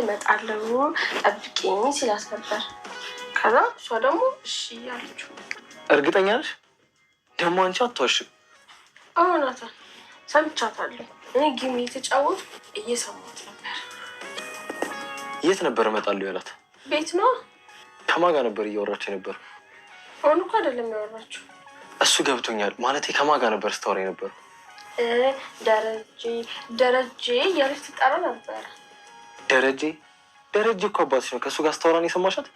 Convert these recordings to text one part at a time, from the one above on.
እመጣለሁ ጠብቂኝ ሲላት ነበር። ከዛ እሷ ደግሞ እሺ አለችው። እርግጠኛ ነሽ? ደግሞ አንቺ አትዋሽም። አሁናታ ሰምቻታለሁ። እኔ ጊሚ የተጫወቱ እየሰማት ነበር። የት ነበር እመጣለሁ ያላት? ቤት ነው። ከማን ጋር ነበር እያወራች ነበር? አሁን እኮ አይደለም ያወራችው። እሱ ገብቶኛል። ማለት ከማን ጋር ነበር ስታወራ ነበር? ደረጀ ደረጀ እያለች ትጠራ ነበር። ደረጀ ደረጀ እኮ አባት ነው። ከእሱ ጋር አስተዋራን የሰማሻት?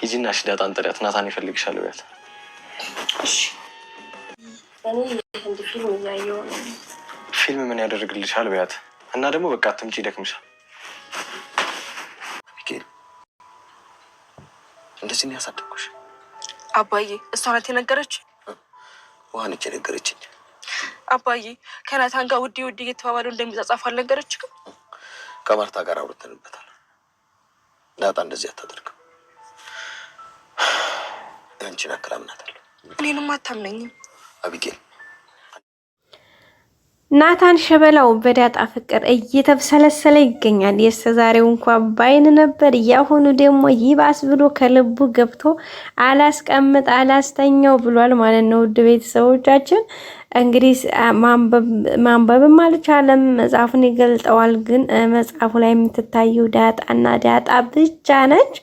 ሂጂና እሺ፣ ዳጣን ጥሪያት። ናታን ይፈልግሻል ብያት። ፊልም ምን ያደርግልሻል ብያት እና ደግሞ በቃ ትምጭ ይደክምሻል። እንደዚህ ነው ያሳደግኩሽ አባዬ። እሷ ናት የነገረች ውሃ ነች የነገረችኝ አባዬ ከናታን ጋር ውዴ ውዴ እየተባባለው እንደሚጻጻፉ አልነገረችህም? ከማርታ ጋር አውርተንበታል። ዳጣ እንደዚህ አታደርግም። አንቺን አክራምናታለሁ። እኔንም አታምነኝም አቢጌል ናታን ሸበላው በዳጣ ፍቅር እየተብሰለሰለ ይገኛል። የስተዛሬው እንኳ ባይን ነበር፣ ያሁኑ ደግሞ ይባስ ብሎ ከልቡ ገብቶ አላስቀምጥ አላስተኛው ብሏል ማለት ነው። ውድ ቤተሰቦቻችን እንግዲህ ማንበብም አልቻለም፣ መጽሐፉን ይገልጠዋል። ግን መጽሐፉ ላይ የምትታየው ዳጣና ዳጣ ብቻ ነች።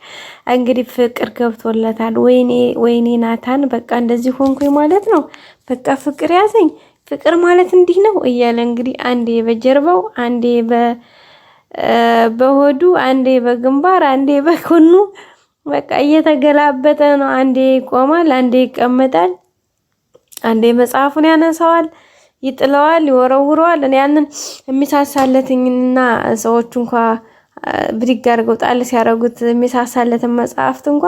እንግዲህ ፍቅር ገብቶለታል። ወይኔ ወይኔ ናታን፣ በቃ እንደዚህ ሆንኩኝ ማለት ነው። በቃ ፍቅር ያዘኝ ፍቅር ማለት እንዲህ ነው እያለ እንግዲህ አንዴ በጀርባው፣ አንዴ በሆዱ፣ አንዴ በግንባር፣ አንዴ በኮኑ በቃ እየተገላበጠ ነው። አንዴ ይቆማል፣ አንዴ ይቀመጣል፣ አንዴ መጽሐፉን ያነሳዋል፣ ይጥለዋል፣ ይወረውረዋል። እኔ ያንን የሚሳሳለትኝና ሰዎች እንኳ ብድግ አድርገው ጣል ሲያደርጉት የሚሳሳለትን መጽሐፍት እንኳ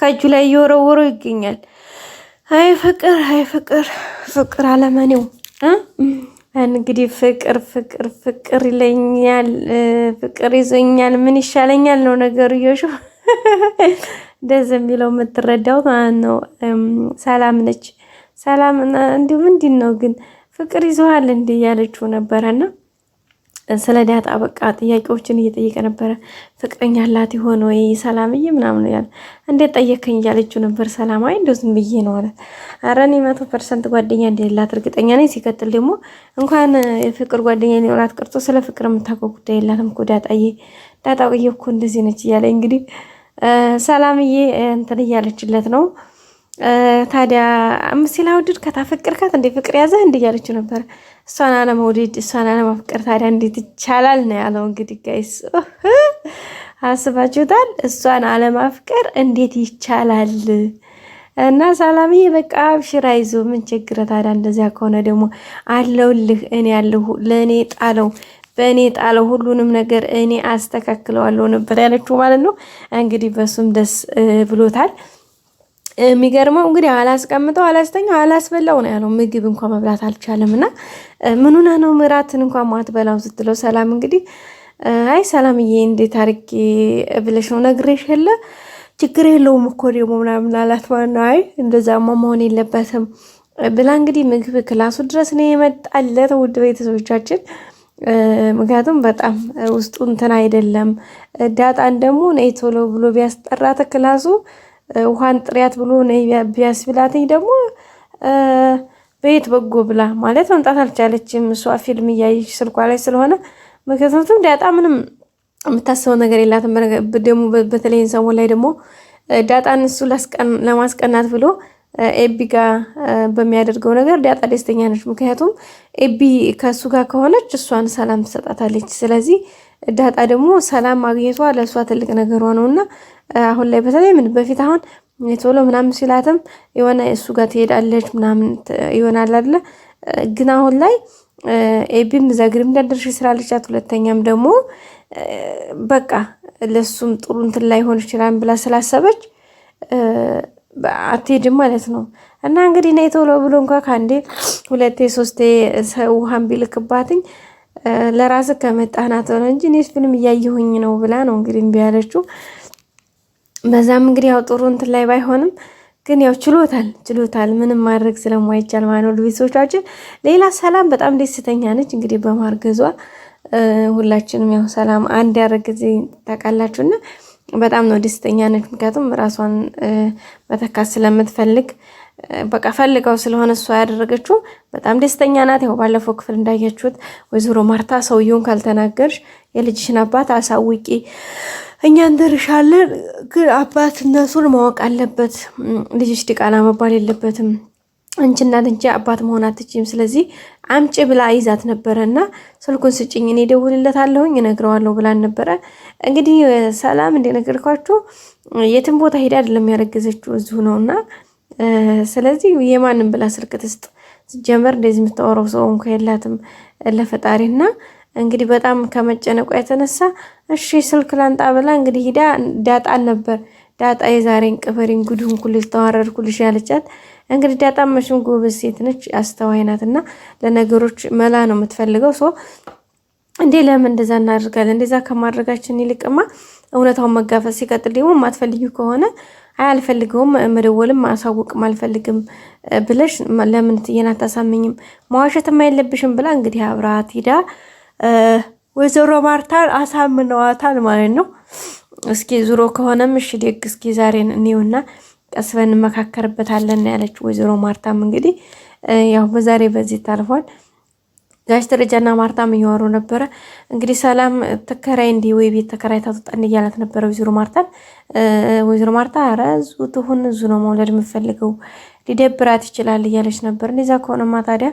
ከእጁ ላይ እየወረወረው ይገኛል። አይ ፍቅር፣ አይ ፍቅር፣ ፍቅር አለመኔው እንግዲህ ፍቅር ፍቅር ፍቅር ይለኛል፣ ፍቅር ይዞኛል፣ ምን ይሻለኛል ነው ነገሩ። እየሹ እንደዚህ የሚለው የምትረዳው ማለት ነው። ሰላም ነች ሰላም። እንዲሁ ምንድን ነው ግን ፍቅር ይዞሃል እንዲህ እያለችው ነበረና ስለ ዳጣ በቃ ጥያቄዎችን እየጠየቀ ነበረ። ፍቅረኛ አላት ይሆን ወይ ሰላምዬ ምናምን ያለ እንዴት ጠየከኝ እያለችው ነበር። ሰላማዊ እንደው ዝም ብዬ ነው አለ። ኧረ እኔ መቶ ፐርሰንት ጓደኛ እንደሌላት እርግጠኛ ነኝ። ሲቀጥል ደግሞ እንኳን የፍቅር ጓደኛ ሊኖራት ቀርቶ ስለ ፍቅር የምታውቀው ጉዳይ የላትም እኮ ዳጣዬ፣ ዳጣዬ እኮ እንደዚህ ነች እያለ እንግዲህ ሰላምዬ እንትን እያለችለት ነው ታዲያ አምስት ላውድድ ከታፈቅርካት እንዴ ፍቅር ያዘህ እንዴ እያለችው ነበር። እሷን አለመውደድ እሷን አለማፍቀር ታዲያ እንዴት ይቻላል ነው ያለው። እንግዲህ ጋይስ አስባችሁታል? እሷን አለማፍቀር እንዴት ይቻላል? እና ሰላምዬ በቃ አብሽራ ይዞ ምን ችግረ ታዲያ። እንደዚያ ከሆነ ደግሞ አለውልህ፣ እኔ ያለሁ ለእኔ ጣለው በእኔ ጣለው ሁሉንም ነገር እኔ አስተካክለዋለሁ ነበር ያለችው ማለት ነው። እንግዲህ በሱም ደስ ብሎታል። የሚገርመው እንግዲህ አላስቀምጠው አላስተኛው አላስበላው ነው ያለው። ምግብ እንኳ መብላት አልቻለም። እና ምኑና ነው ምራትን እንኳ ማትበላው ስትለው ሰላም እንግዲህ አይ ሰላምዬ እንዴት አድርጌ ብለሽ ነው ነግሬሽ የለ ችግር የለውም እኮ ደግሞ ምናምን አላት። ማነው አይ እንደዛማ መሆን የለበትም ብላ እንግዲህ ምግብ ክላሱ ድረስ ነው የመጣለት ውድ ቤተሰቦቻችን። ምክንያቱም በጣም ውስጡ እንትን አይደለም። ዳጣን ደግሞ ነይ ቶሎ ብሎ ቢያስጠራት ክላሱ ውሃን ጥሪያት ብሎ ቢያስብላትኝ ደግሞ በየት በጎ ብላ ማለት መምጣት አልቻለችም። እሷ ፊልም እያየች ስልኳ ላይ ስለሆነ ምክንያቱም ዳጣ ምንም የምታስበው ነገር የላትም። ደግሞ በተለይ ሰሞን ላይ ደግሞ ዳጣን እሱ ለማስቀናት ብሎ ኤቢ ጋር በሚያደርገው ነገር ዳጣ ደስተኛ ነች። ምክንያቱም ኤቢ ከእሱ ጋር ከሆነች እሷን ሰላም ትሰጣታለች። ስለዚህ ዳጣ ደግሞ ሰላም ማግኘቷ ለእሷ ትልቅ ነገሯ ነው እና አሁን ላይ በተለይ ምን በፊት አሁን ቶሎ ምናምን ሲላትም የሆነ እሱ ጋር ትሄዳለች ምናምን ይሆናል አለ። ግን አሁን ላይ ኤቢም ዘግሪም ግርም እንዳደርሽ ስላለቻት፣ ሁለተኛም ደግሞ በቃ ለሱም ጥሩ እንትን ላይሆን ይችላል ብላ ስላሰበች አትሄድም ማለት ነው። እና እንግዲህ ነይ ቶሎ ብሎ እንኳ ከአንዴ ሁለቴ ሶስቴ ውሃን ቢልክባትኝ ለራስ ከመጣናት ነው እንጂ እኔ ፊልም እያየሁኝ ነው ብላ ነው እንግዲህ እምቢ ያለችው። በዛም እንግዲህ ያው ጥሩ እንትን ላይ ባይሆንም ግን ያው ችሎታል ችሎታል ምንም ማድረግ ስለማይቻል ማለት ነው። ቤተሰቦቻችን ሌላ ሰላም በጣም ደስተኛ ነች እንግዲህ በማርገዟ ሁላችንም ያው ሰላም አንድ ያደረግ ጊዜ ታውቃላችሁና በጣም ነው ደስተኛ ነች። ምክንያቱም ራሷን መተካት ስለምትፈልግ በቃ ፈልገው ስለሆነ እሷ ያደረገችው በጣም ደስተኛ ናት። ያው ባለፈው ክፍል እንዳያችሁት ወይዘሮ ማርታ ሰውየውን ካልተናገርሽ የልጅሽን አባት አሳውቂ እኛ እንደርሻለን፣ ግን አባት እነሱን ማወቅ አለበት። ልጅሽ ዲቃላ መባል የለበትም። አንቺና ልንጂ አባት መሆን አትችም። ስለዚህ አምጪ ብላ ይዛት ነበረ እና ስልኩን ስጭኝ እኔ አለሁኝ እነግረዋለሁ ብላን ነበረ። እንግዲህ ሰላም እንደነገርኳችሁ የትም ቦታ ሄዳ አይደለም ያረገዘችው እዚሁ ነው እና ስለዚህ የማንም ብላ ስልክ ትስጥ። ሲጀመር እንደዚህ የምታወራው ሰው እንኳ የላትም ለፈጣሪና እንግዲህ በጣም ከመጨነቋ የተነሳ እሺ ስልክ ላንጣ ብላ እንግዲህ ሂዳ ዳጣን ነበር ዳጣ የዛሬን ቅበሬን ጉድሁን ኩልሽ ተዋረድኩልሽ ያለቻት። እንግዲህ ዳጣ መሽም ጎበዝ ሴት ነች፣ አስተዋይ ናት እና ለነገሮች መላ ነው የምትፈልገው። ሰው እንዴ ለምን እንደዛ እናደርጋለን? እንደዛ ከማድረጋችን ይልቅማ እውነታውን መጋፈጥ ሲቀጥል ደግሞ የማትፈልጊው ከሆነ አይ አልፈልገውም፣ መደወልም ማሳወቅም አልፈልግም ብለሽ ለምን ትየን አታሳምኝም? መዋሸትም አይለብሽም ብላ እንግዲህ አብራት ሂዳ ወይዘሮ ማርታን አሳምነዋታል ማለት ነው። እስኪ ዙሮ ከሆነም እሺ ደግ እስኪ ዛሬን እኔውና ቀስበን እንመካከርበታለን ያለች ወይዘሮ ማርታም እንግዲህ ያው በዛሬ በዚህ ታልፏል። ጋሽ ደረጃና ማርታም እያወሩ ነበረ። እንግዲህ ሰላም ተከራይ እንዲህ ወይ ቤት ተከራይ ታጡጠን እያላት ነበረ ወይዘሮ ማርታን። ወይዘሮ ማርታ ኧረ እዙ ትሁን እዙ ነው መውለድ የምፈልገው ሊደብራት ይችላል እያለች ነበር። እንደዛ ከሆነማ ታዲያ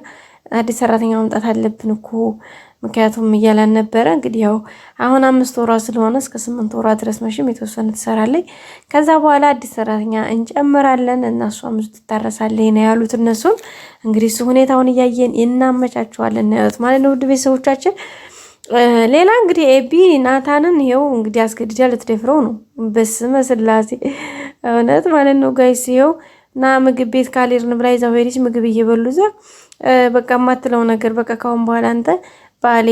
አዲስ ሰራተኛ መምጣት አለብን እኮ ምክንያቱም እያላን ነበረ። እንግዲህ ያው አሁን አምስት ወሯ ስለሆነ እስከ ስምንት ወሯ ድረስ መሽም የተወሰነ ትሰራለች። ከዛ በኋላ አዲስ ሰራተኛ እንጨምራለን እና እሷም ትታረሳለች ነው ያሉት። እነሱም እንግዲህ እሱ ሁኔታውን እያየን እናመቻችኋለን ነው ያሉት ማለት ነው። ውድ ቤተሰቦቻችን፣ ሌላ እንግዲህ ኤቢ ናታንን ይኸው እንግዲህ አስገድዳ ልትደፍረው ነው። በስመ ስላሴ እውነት ማለት ነው ጋይስ ይኸው ና ምግብ ቤት ካልሄድን ብላ ይዛው ሄደች። ምግብ እየበሉ እዛ በቃ የማትለው ነገር በቃ ካሁን በኋላ አንተ ባሌ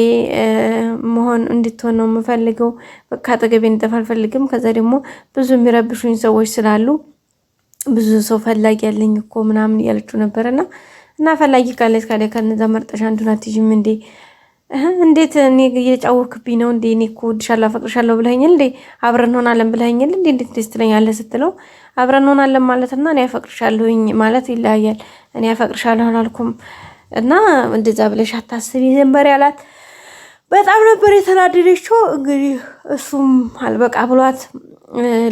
መሆን እንድትሆን ነው የምፈልገው። በቃ አጠገቤ እንጠፋ አልፈልግም። ከዛ ደግሞ ብዙ የሚረብሹኝ ሰዎች ስላሉ ብዙ ሰው ፈላጊ ያለኝ እኮ ምናምን እያለችው ነበረና እና ፈላጊ ካለች ካለ ከነዛ መርጠሽ አንዱን አትይዥም እንዴ? እንዴት እኔ እየተጫወክብኝ ነው እንዴ? እኔ እኮ እወድሻለሁ አፈቅርሻለሁ ብለኸኛል እንዴ? አብረን እንሆናለን ብለኸኛል እንዴ? እንዴት ደስ ትለኛለህ ስትለው አብረን እንሆናለን ማለትና እኔ አፈቅርሻለሁኝ ማለት ይለያያል። እኔ አፈቅርሻለሁ አላልኩም እና እንደዛ ብለሽ አታስቢ ዘንበር ያላት በጣም ነበር የተናደደችው። እንግዲህ እሱም አልበቃ ብሏት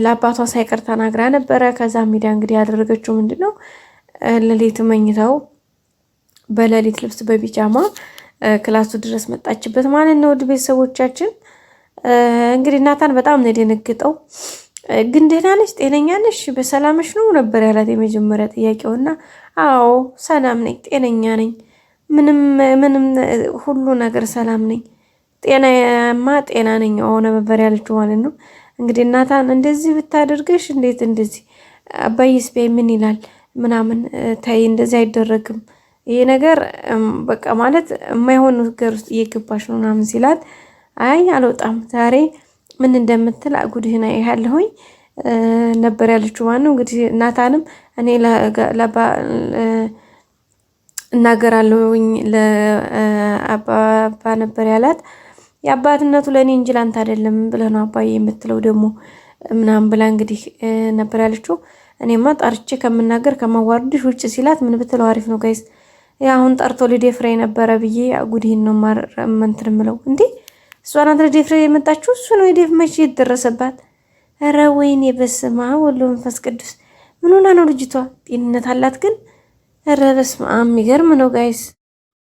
ለአባቷ ሳይቀር ተናግራ ነበረ። ከዛ ሚዲያ እንግዲህ ያደረገችው ምንድን ነው ሌሊት መኝታው በሌሊት ልብስ በቢጃማ ክላሱ ድረስ መጣችበት ማለት ነው። ውድ ቤተሰቦቻችን እንግዲህ ናታን በጣም ነው የደነግጠው። ግን ደህና ነሽ፣ ጤነኛ ነሽ፣ በሰላምሽ ነው ነበር ያላት የመጀመሪያ ጥያቄው እና አዎ ሰላም ነኝ፣ ጤነኛ ነኝ፣ ምንም ምንም ሁሉ ነገር ሰላም ነኝ፣ ጤናማ ጤና ነኝ ሆነ ነበር ያለችው ማለት ነው። እንግዲህ እናታን እንደዚህ ብታደርገሽ እንዴት እንደዚህ አባዬስ ምን ይላል ምናምን፣ ታይ እንደዚህ አይደረግም ይሄ ነገር በቃ ማለት የማይሆን ነገር ውስጥ እየገባሽ ነው ምናምን ሲላት፣ አይ አልወጣም ዛሬ ምን እንደምትል አጉድህና ያለሁኝ ነበር ያለችው። ማን ነው እንግዲህ እናታንም እኔ እናገራለሁኝ ለአባባ ነበር ያላት። የአባትነቱ ለእኔ እንጂ ላንተ አይደለም ብለህ ነው አባዬ የምትለው ደግሞ ምናምን ብላ እንግዲህ ነበር ያለችው። እኔማ ጣርቼ ከምናገር ከማዋርድሽ ውጭ ሲላት ምን ብትለው አሪፍ ነው ጋይስ አሁን ጠርቶ ልደፍሬ ነበረ ብዬ ጉድህን ነው እንትን የምለው እንዴ። እሷ ናት ልደፍሬ የመጣችሁ? እሱ ነው የደፍ መቼ የደረሰባት? ኧረ ወይኔ በስመ አብ ወወልድ ወመንፈስ ቅዱስ። ምን ሆና ነው ልጅቷ? ጤንነት አላት ግን? ኧረ በስመ አብ የሚገርም ነው ጋይስ።